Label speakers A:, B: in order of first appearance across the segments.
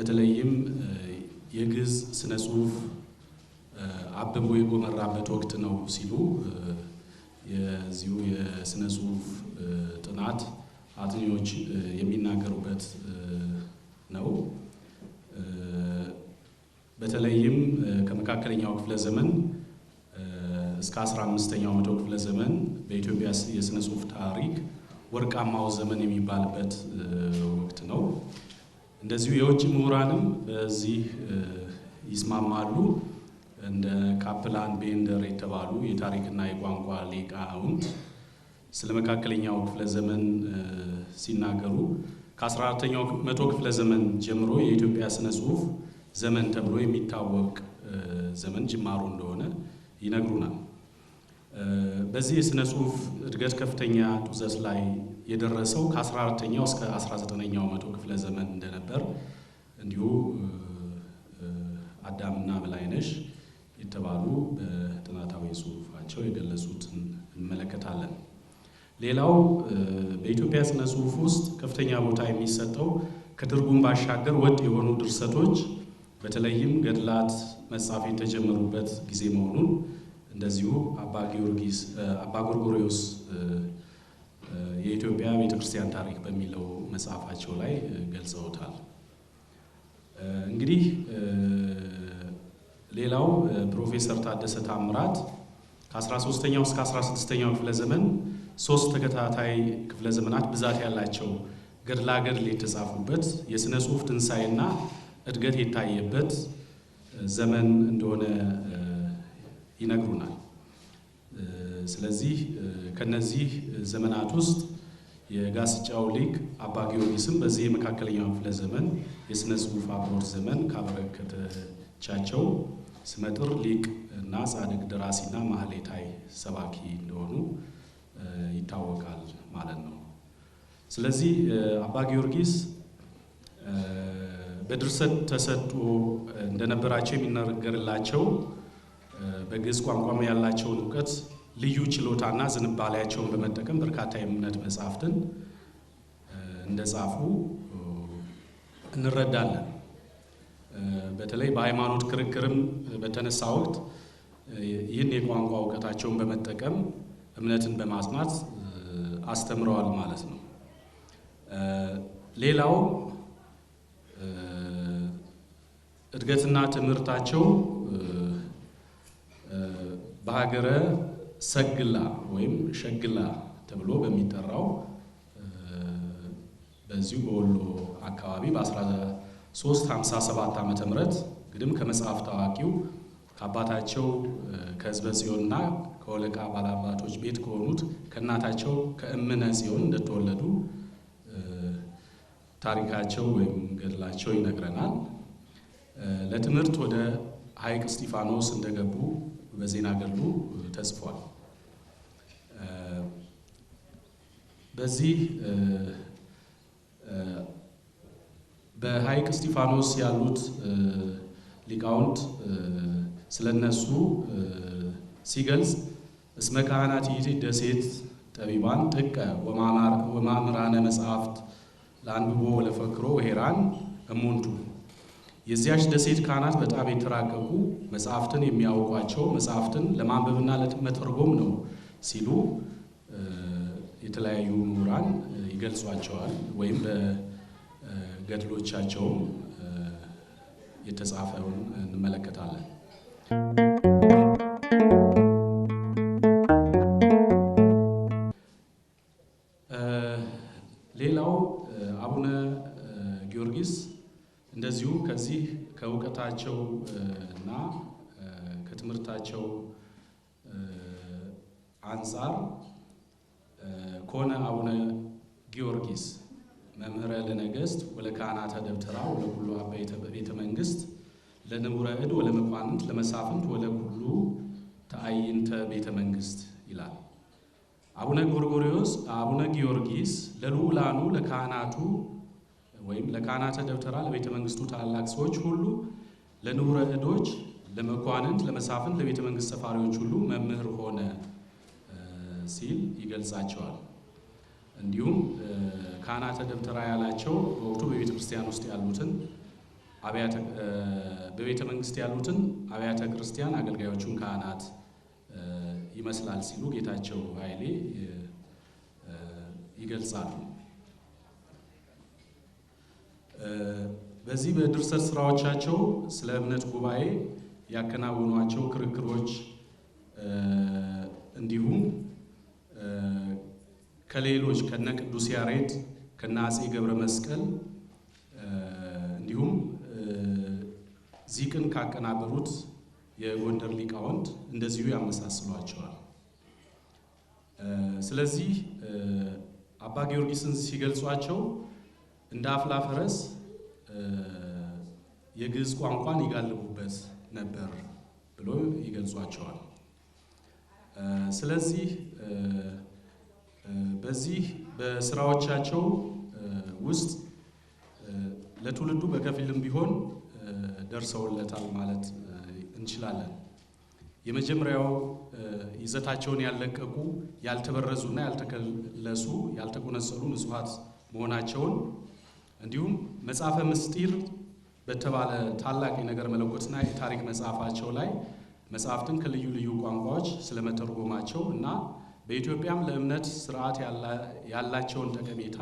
A: በተለይም የግዕዝ ስነ ጽሁፍ አብቦ የጎመራበት ወቅት ነው ሲሉ የዚሁ የስነ ጽሁፍ ጥናት አጥኚዎች የሚናገሩበት ነው። በተለይም ከመካከለኛው ክፍለ ዘመን እስከ 15ኛው መቶ ክፍለ ዘመን በኢትዮጵያ የስነ ጽሁፍ ታሪክ ወርቃማው ዘመን የሚባልበት ወቅት ነው። እንደዚሁ የውጭ ምሁራንም በዚህ ይስማማሉ። እንደ ካፕላን ቤንደር የተባሉ የታሪክና የቋንቋ ሊቃውንት ስለ መካከለኛው ክፍለ ዘመን ሲናገሩ ከ14ተኛው መቶ ክፍለ ዘመን ጀምሮ የኢትዮጵያ ስነ ጽሁፍ ዘመን ተብሎ የሚታወቅ ዘመን ጅማሮ እንደሆነ ይነግሩናል። በዚህ የስነ ጽሁፍ እድገት ከፍተኛ ጡዘት ላይ የደረሰው ከ 14 ኛው እስከ 19ኛው መቶ ክፍለ ዘመን እንደነበር እንዲሁ አዳምና በላይነሽ የተባሉ በጥናታዊ ጽሁፋቸው የገለጹትን እንመለከታለን። ሌላው በኢትዮጵያ ስነ ጽሁፍ ውስጥ ከፍተኛ ቦታ የሚሰጠው ከትርጉም ባሻገር ወጥ የሆኑ ድርሰቶች በተለይም ገድላት መጻፍ የተጀመሩበት ጊዜ መሆኑን እንደዚሁ አባ ጊዮርጊስ አባ ጎርጎሪዎስ የኢትዮጵያ ቤተክርስቲያን ታሪክ በሚለው መጽሐፋቸው ላይ ገልጸውታል። እንግዲህ ሌላው ፕሮፌሰር ታደሰ ታምራት ከ13ኛው እስከ 16ኛው ክፍለ ዘመን ሶስት ተከታታይ ክፍለ ዘመናት ብዛት ያላቸው ገድላ ገድል የተጻፉበት የሥነ ጽሑፍ ትንሣኤና እድገት የታየበት ዘመን እንደሆነ ይነግሩናል። ስለዚህ ከነዚህ ዘመናት ውስጥ የጋስጫው ሊቅ አባ ጊዮርጊስም በዚህ የመካከለኛው ክፍለ ዘመን የስነ ጽሁፍ አብሮት ዘመን ካበረከተቻቸው ስመጥር ሊቅ እና ጻድቅ ደራሲና ማህሌታይ ሰባኪ እንደሆኑ ይታወቃል ማለት ነው። ስለዚህ አባ ጊዮርጊስ በድርሰት ተሰጦ እንደነበራቸው የሚነገርላቸው በግዕዝ ቋንቋም ያላቸውን እውቀት ልዩ ችሎታና ዝንባሌያቸውን በመጠቀም በርካታ የእምነት መጽሐፍትን እንደጻፉ እንረዳለን። በተለይ በሃይማኖት ክርክርም በተነሳ ወቅት ይህን የቋንቋ እውቀታቸውን በመጠቀም እምነትን በማጽናት አስተምረዋል ማለት ነው። ሌላው እድገትና ትምህርታቸው በሀገረ ሰግላ ወይም ሸግላ ተብሎ በሚጠራው በዚሁ በወሎ አካባቢ በ1357 ዓ ም ግድም ከመጽሐፍ ታዋቂው ከአባታቸው ከህዝበ ጽዮንና ከወለቃ ባላባቶች ቤት ከሆኑት ከእናታቸው ከእምነ ጽዮን እንደተወለዱ ታሪካቸው ወይም ገድላቸው ይነግረናል። ለትምህርት ወደ ሐይቅ እስጢፋኖስ እንደገቡ በዜና ገድሉ ተጽፏል። በዚህ በሐይቅ እስጢፋኖስ ያሉት ሊቃውንት ስለነሱ ሲገልጽ እስመ ካህናት ይእቲ ደሴት ጠቢባን ጥቀ ወማእምራነ መጽሐፍት ለአንብቦ ወለፈክሮ ወሄራን እሙንቱ የዚያች ደሴት ካህናት በጣም የተራቀቁ መጽሐፍትን የሚያውቋቸው መጽሐፍትን ለማንበብና ለመተርጎም ነው ሲሉ የተለያዩ ምሁራን ይገልጿቸዋል ወይም በገድሎቻቸው የተጻፈውን እንመለከታለን። ሌላው አቡነ ጊዮርጊስ እንደዚሁ ከዚህ ከእውቀታቸው እና ከትምህርታቸው አንጻር ኮነ አቡነ ጊዮርጊስ መምህረ ለነገሥት ወለካህናተ ደብተራ ወለኩሉ አበ ቤተ መንግስት ለንቡረ እድ ወለመኳንንት ለመሳፍንት ወለኩሉ ተአይንተ ቤተ መንግስት ይላል። አቡነ ጎርጎሪዎስ አቡነ ጊዮርጊስ ለልዑላኑ ለካህናቱ ወይም ለካህናተ ደብተራ ለቤተ መንግስቱ ታላቅ ሰዎች ሁሉ ለንቡረ እዶች ለመኳንንት ለመሳፍንት ለቤተ መንግስት ሰፋሪዎች ሁሉ መምህር ሆነ ሲል ይገልጻቸዋል። እንዲሁም ካህናተ ደብተራ ያላቸው በወቅቱ በቤተ ክርስቲያን ውስጥ ያሉትን በቤተ መንግስት ያሉትን አብያተ ክርስቲያን አገልጋዮቹን ካህናት ይመስላል ሲሉ ጌታቸው ኃይሌ ይገልጻሉ። በዚህ በድርሰት ስራዎቻቸው ስለ እምነት ጉባኤ ያከናውኗቸው ክርክሮች እንዲሁም ከሌሎች ከነ ቅዱስ ያሬድ ከነ አጼ ገብረ መስቀል እንዲሁም ዚቅን ካቀናበሩት የጎንደር ሊቃውንት እንደዚሁ ያመሳስሏቸዋል። ስለዚህ አባ ጊዮርጊስን ሲገልጿቸው እንደ አፍላ ፈረስ የግዕዝ ቋንቋን ይጋልቡበት ነበር ብሎ ይገልጿቸዋል። ስለዚህ በዚህ በስራዎቻቸው ውስጥ ለትውልዱ በከፊልም ቢሆን ደርሰውለታል ማለት እንችላለን። የመጀመሪያው ይዘታቸውን ያልለቀቁ ያልተበረዙና ያልተከለሱ ያልተቆነጸሉ ንጹሐት መሆናቸውን እንዲሁም መጽሐፈ ምስጢር በተባለ ታላቅ የነገር መለኮትና የታሪክ መጽሐፋቸው ላይ መጽሐፍትን ከልዩ ልዩ ቋንቋዎች ስለመተርጎማቸው እና በኢትዮጵያም ለእምነት ስርዓት ያላቸውን ጠቀሜታ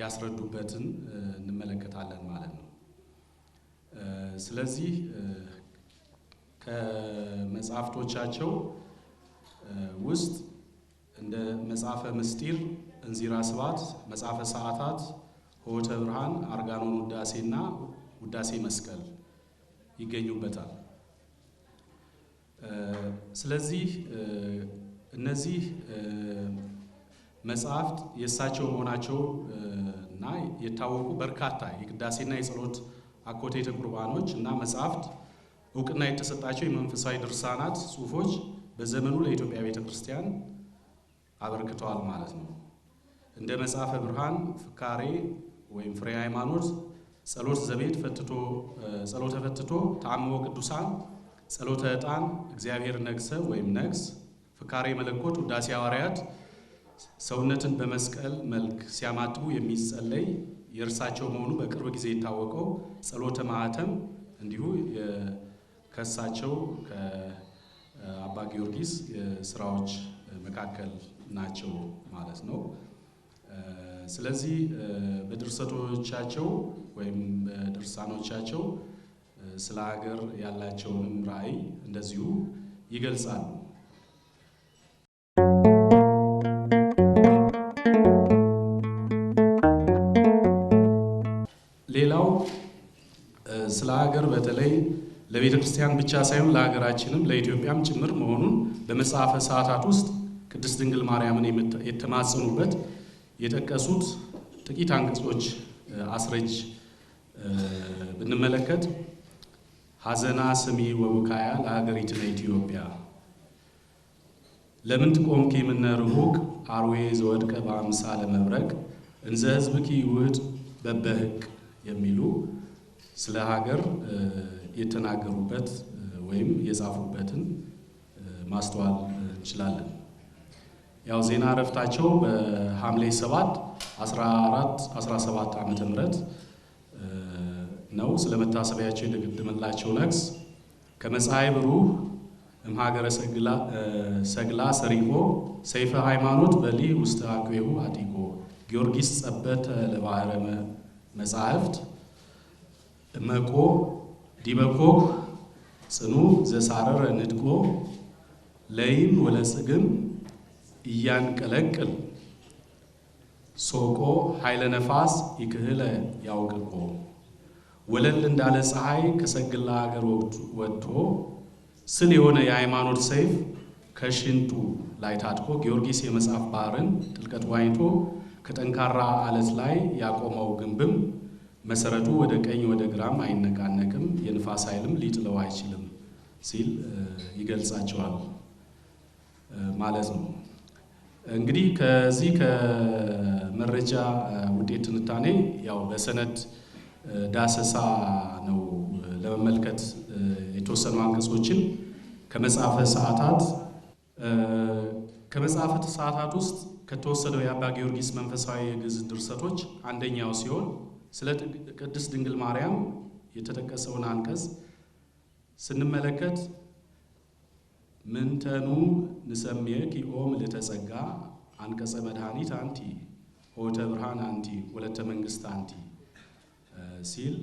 A: ያስረዱበትን እንመለከታለን ማለት ነው። ስለዚህ ከመጽሐፍቶቻቸው ውስጥ እንደ መጽሐፈ ምስጢር፣ እንዚራ ስባት፣ መጽሐፈ ሰዓታት፣ ሆተ ብርሃን፣ አርጋኖን ውዳሴና ውዳሴ መስቀል ይገኙበታል። ስለዚህ እነዚህ መጽሐፍት የእሳቸው መሆናቸው እና የታወቁ በርካታ የቅዳሴና የጸሎት አኮቴተ ቁርባኖች እና መጽሐፍት እውቅና የተሰጣቸው የመንፈሳዊ ድርሳናት ጽሁፎች በዘመኑ ለኢትዮጵያ ቤተ ክርስቲያን አበርክተዋል ማለት ነው። እንደ መጽሐፈ ብርሃን፣ ፍካሬ ወይም ፍሬ ሃይማኖት፣ ጸሎት ዘቤት፣ ፈትቶ ጸሎተ ፈትቶ፣ ተአምቦ ቅዱሳን፣ ጸሎተ ዕጣን፣ እግዚአብሔር ነግሰ ወይም ነግስ ካሬ መለኮት ውዳሴ ሐዋርያት ሰውነትን በመስቀል መልክ ሲያማትቡ የሚጸለይ የእርሳቸው መሆኑ በቅርብ ጊዜ የታወቀው ጸሎተ ማኅተም እንዲሁ ከእሳቸው ከአባ ጊዮርጊስ ስራዎች መካከል ናቸው ማለት ነው። ስለዚህ በድርሰቶቻቸው ወይም በድርሳኖቻቸው ስለ ሀገር ያላቸውንም ራዕይ እንደዚሁ ይገልጻሉ። ለሀገር በተለይ ለቤተ ክርስቲያን ብቻ ሳይሆን ለሀገራችንም ለኢትዮጵያም ጭምር መሆኑን በመጽሐፈ ሰዓታት ውስጥ ቅድስት ድንግል ማርያምን የተማጸኑበት የጠቀሱት ጥቂት አንቀጾች አስረጅ ብንመለከት ሀዘና ስሚ ወቡካያ ለሀገሪትነ ኢትዮጵያ ለምን ትቆምኪ ምነ ርሁቅ አርዌ ዘወድቀ በአምሳ ለመብረቅ እንዘ ህዝብኪ ውህድ በበህቅ የሚሉ ስለ ሀገር የተናገሩበት ወይም የጻፉበትን ማስተዋል እንችላለን። ያው ዜና እረፍታቸው በሐምሌ 7 14 17 ዓመተ ምህረት ነው። ስለ መታሰቢያቸው የተገደመላቸው ነግስ ከመጽሐይ ብሩህ እምሀገረ ሰግላ ሰሪሆ ሰይፈ ሃይማኖት በሊ ውስተ አግቤሁ አጢቆ ጊዮርጊስ ጸበተ ለባህረ መጻሕፍት መቆ ዲበኮ ጽኑ ዘሳረረ ንድቆ ለይም ወለጽግም እያንቀለቅል ሶቆ ኃይለ ነፋስ ይክህለ ያውቅቆ ወለል እንዳለ ፀሐይ ከሰግላ ሀገር ወጥቶ ስል የሆነ የሃይማኖት ሰይፍ ከሽንጡ ላይ ታጥቆ ጊዮርጊስ የመጽሐፍ ባህርን ጥልቀት ዋኝቶ ከጠንካራ አለት ላይ ያቆመው ግንብም መሰረቱ ወደ ቀኝ ወደ ግራም አይነቃነቅም፣ የንፋስ ኃይልም ሊጥለው አይችልም ሲል ይገልጻቸዋል ማለት ነው። እንግዲህ ከዚህ ከመረጃ ውጤት ትንታኔ ያው በሰነድ ዳሰሳ ነው ለመመልከት የተወሰኑ አንቀጾችን ከመጽሐፈ ሰዓታት ከመጽሐፈ ሰዓታት ውስጥ ከተወሰደው የአባ ጊዮርጊስ መንፈሳዊ የግዕዝ ድርሰቶች አንደኛው ሲሆን ስለ ቅድስት ድንግል ማርያም የተጠቀሰውን አንቀጽ ስንመለከት ምንተኑ ንሰሜኪ ኦ ምልዕተ ጸጋ አንቀጸ መድኃኒት አንቲ ሆተ ብርሃን አንቲ ወለተ መንግስት አንቲ ሲል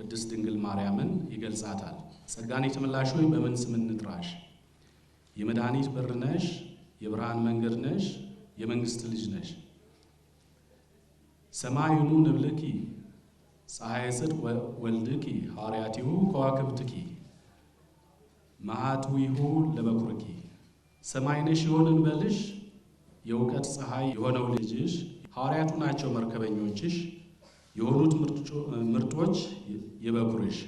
A: ቅድስት ድንግል ማርያምን ይገልጻታል። ጸጋን የተመላሽ ሆይ በምን ስም እንጥራሽ? የመድኃኒት በር ነሽ፣ የብርሃን መንገድ ነሽ፣ የመንግስት ልጅ ነሽ። ሰማዩኑ ንብልኪ ፀሐይ ጽድቅ ወልድኪ ሐዋርያቲሁ ከዋክብትኪ መዓቱዊሁ ለበኩርኪ ሰማይ የሆንን በልሽ የእውቀት ፀሐይ የሆነው ልጅሽ ሐዋርያቱ ናቸው መርከበኞችሽ የሆኑት ምርጦች የበኩርሽ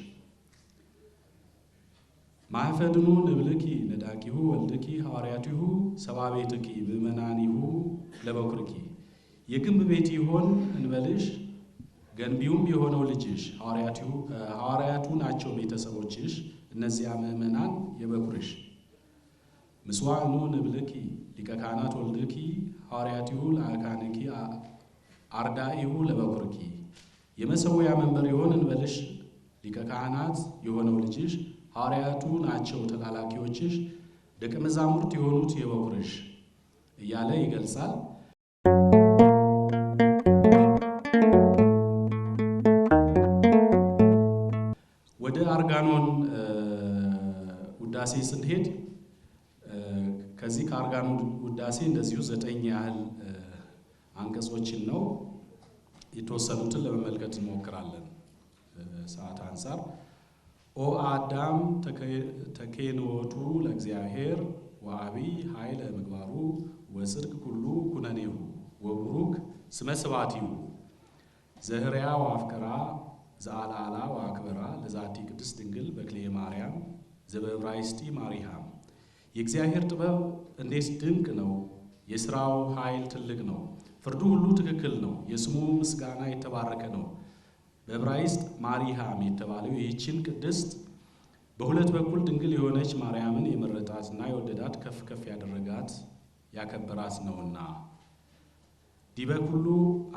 A: ማህፈድኑ ንብልኪ ነዳቂሁ ወልድኪ ሐዋርያቲሁ ሰባቤትኪ ምእመናኒሁ ለበኩርኪ የግንብ ቤት ይሆን እንበልሽ ገንቢውም የሆነው ልጅሽ ሐዋርያቱ ናቸው ቤተሰቦችሽ፣ እነዚያ ምእመናን የበኩርሽ። ምስዋዕኑ ንብልኪ ሊቀ ካህናት ወልድኪ ሐዋርያቲሁ ለአካንኪ አርዳኢሁ ለበኩርኪ። የመሰዊያ መንበር ይሆን እንበልሽ ሊቀ ካህናት የሆነው ልጅሽ ሐዋርያቱ ናቸው ተላላኪዎችሽ፣ ደቀ መዛሙርት የሆኑት የበኩርሽ እያለ ይገልጻል። ውዳሴ ስንሄድ ከዚህ ከአርጋኑ ውዳሴ እንደዚሁ ዘጠኝ ያህል አንቀጾችን ነው የተወሰኑትን ለመመልከት እንሞክራለን። ሰዓት አንጻር ኦ አዳም ተኬንወቱ ለእግዚአብሔር ወአቢይ ኃይለ ምግባሩ ወጽድቅ ኩሉ ኩነኔሁ ወቡሩክ ስመ ስባቲሁ ዘህርያ ዋፍቅራ ዘአልዓላ ወአክብራ ለዛቲ ቅድስት ድንግል በክሌ ማርያም ዘበብራይስቲ ማሪሃም የእግዚአብሔር ጥበብ እንዴት ድንቅ ነው! የሥራው ኃይል ትልቅ ነው። ፍርዱ ሁሉ ትክክል ነው። የስሙ ምስጋና የተባረከ ነው። በዕብራይስጥ ማሪሃም የተባለው ይህችን ቅድስት በሁለት በኩል ድንግል የሆነች ማርያምን የመረጣትና የወደዳት ከፍ ከፍ ያደረጋት ያከበራት ነውና ዲበ ኩሉ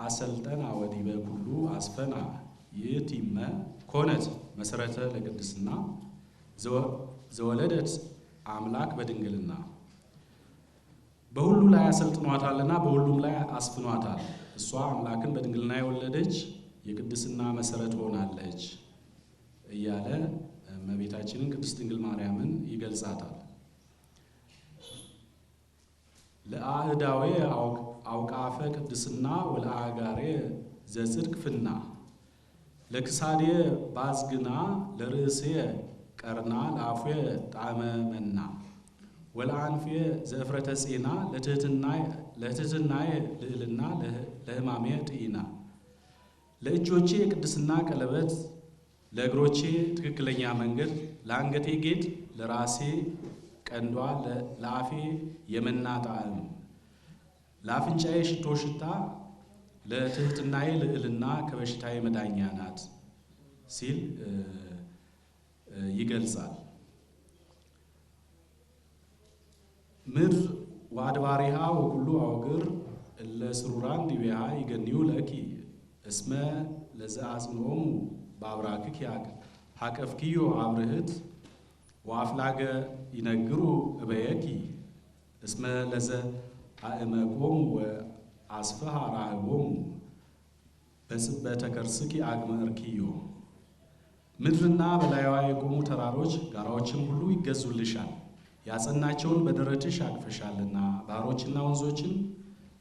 A: አሰልጠና ወዲበ ኩሉ አስፈና ይእቲመ ኮነት መሰረተ ለቅድስና ዘወለደት አምላክ በድንግልና በሁሉ ላይ አሰልጥኗታልና በሁሉም ላይ አስፍኗታል። እሷ አምላክን በድንግልና የወለደች የቅድስና መሰረት ሆናለች እያለ እመቤታችንን ቅድስት ድንግል ማርያምን ይገልጻታል። ለአህዳዊ አውቃፈ ቅድስና ወለአጋሬ ዘጽድቅ ፍና ለክሳዴ ባዝግና ለርእሴ ቀርና ለአፉየ ጣመ መና ወለአንፍየ ዘእፍረተ ጺና ለትሕትናየ ልዕልና ለሕማሜ ጥኢና ለእጆቼ የቅድስና ቀለበት ለእግሮቼ ትክክለኛ መንገድ ለአንገቴ ጌጥ ለራሴ ቀንዷ ለአፌ የመና ጣዕም ለአፍንጫዬ ሽቶ ሽታ ለትሕትናዬ ልዕልና ከበሽታዬ መዳኛ ናት ሲል ይገልጻል። ምድር ወአድባሪሃ ወኩሉ አውግር እለ ስሩራን ዲቤሃ ይገኒው ለኪ እስመ ለዘአጽንኦሙ በአብራክኪ ሀቀፍኪዮ አብርህት ወአፍላገ ይነግሩ እበየኪ እስመ ለዘ አእመቆሙ ወአስፈሃ ራህቦሙ በስበተ ከርስኪ አግመ እርኪዮ ምድርና በላይዋ የቆሙ ተራሮች ጋራዎችም ሁሉ ይገዙልሻል። ያጸናቸውን በደረትሽ አቅፈሻልና ባህሮችና ወንዞችን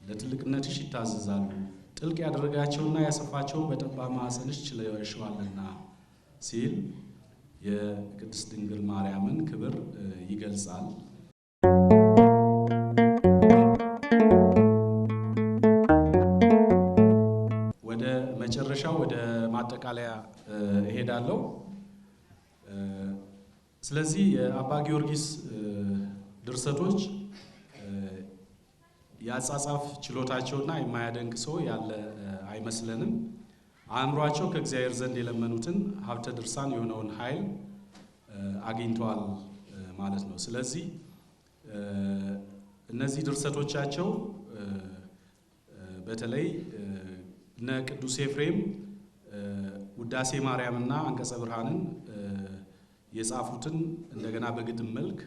A: ለትልቅነትሽ ይታዘዛሉ። ጥልቅ ያደረጋቸውና ያሰፋቸው በጠባብ ማዕፀንሽ ችለሽዋልና ሲል የቅድስት ድንግል ማርያምን ክብር ይገልጻል። እሄዳለሁ። ስለዚህ የአባ ጊዮርጊስ ድርሰቶች የአጻጻፍ ችሎታቸውና የማያደንቅ ሰው ያለ አይመስለንም። አእምሯቸው ከእግዚአብሔር ዘንድ የለመኑትን ሀብተ ድርሳን የሆነውን ኃይል አግኝተዋል ማለት ነው። ስለዚህ እነዚህ ድርሰቶቻቸው በተለይ እነ ቅዱስ ኤፍሬም ውዳሴ ማርያምና አንቀጸ ብርሃንን የጻፉትን እንደገና በግጥም መልክ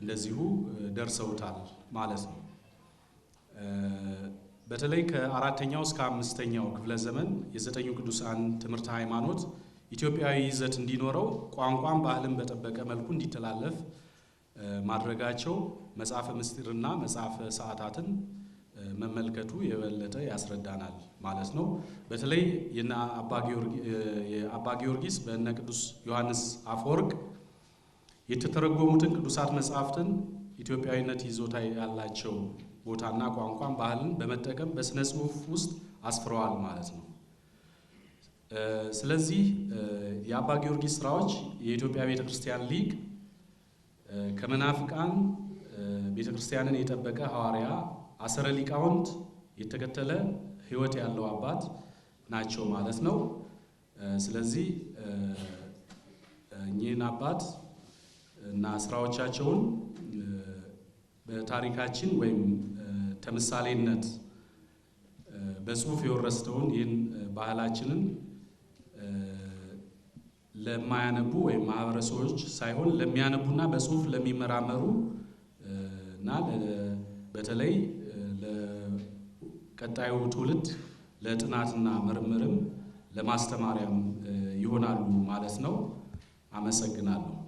A: እንደዚሁ ደርሰውታል ማለት ነው። በተለይ ከአራተኛው እስከ አምስተኛው ክፍለ ዘመን የዘጠኙ ቅዱሳን ትምህርተ ሃይማኖት ኢትዮጵያዊ ይዘት እንዲኖረው ቋንቋን፣ ባህልን በጠበቀ መልኩ እንዲተላለፍ ማድረጋቸው መጽሐፈ ምስጢርና መጽሐፈ ሰዓታትን መመልከቱ የበለጠ ያስረዳናል ማለት ነው። በተለይ የአባ ጊዮርጊስ በእነ ቅዱስ ዮሐንስ አፈወርቅ የተተረጎሙትን ቅዱሳት መጽሐፍትን ኢትዮጵያዊነት ይዞታ ያላቸው ቦታና ቋንቋን፣ ባህልን በመጠቀም በስነ ጽሁፍ ውስጥ አስፍረዋል ማለት ነው። ስለዚህ የአባ ጊዮርጊስ ስራዎች የኢትዮጵያ ቤተ ክርስቲያን ሊቅ ከመናፍቃን ቤተ ክርስቲያንን የጠበቀ ሐዋርያ አሰረ ሊቃውንት የተከተለ ህይወት ያለው አባት ናቸው ማለት ነው። ስለዚህ እኚህን አባት እና ስራዎቻቸውን በታሪካችን ወይም ተምሳሌነት በጽሁፍ የወረስተውን ይህን ባህላችንን ለማያነቡ ወይም ማህበረሰቦች ሳይሆን ለሚያነቡና በጽሁፍ ለሚመራመሩ እና በተለይ ቀጣዩ ትውልድ ለጥናትና ምርምርም ለማስተማሪያም ይሆናሉ ማለት ነው። አመሰግናለሁ።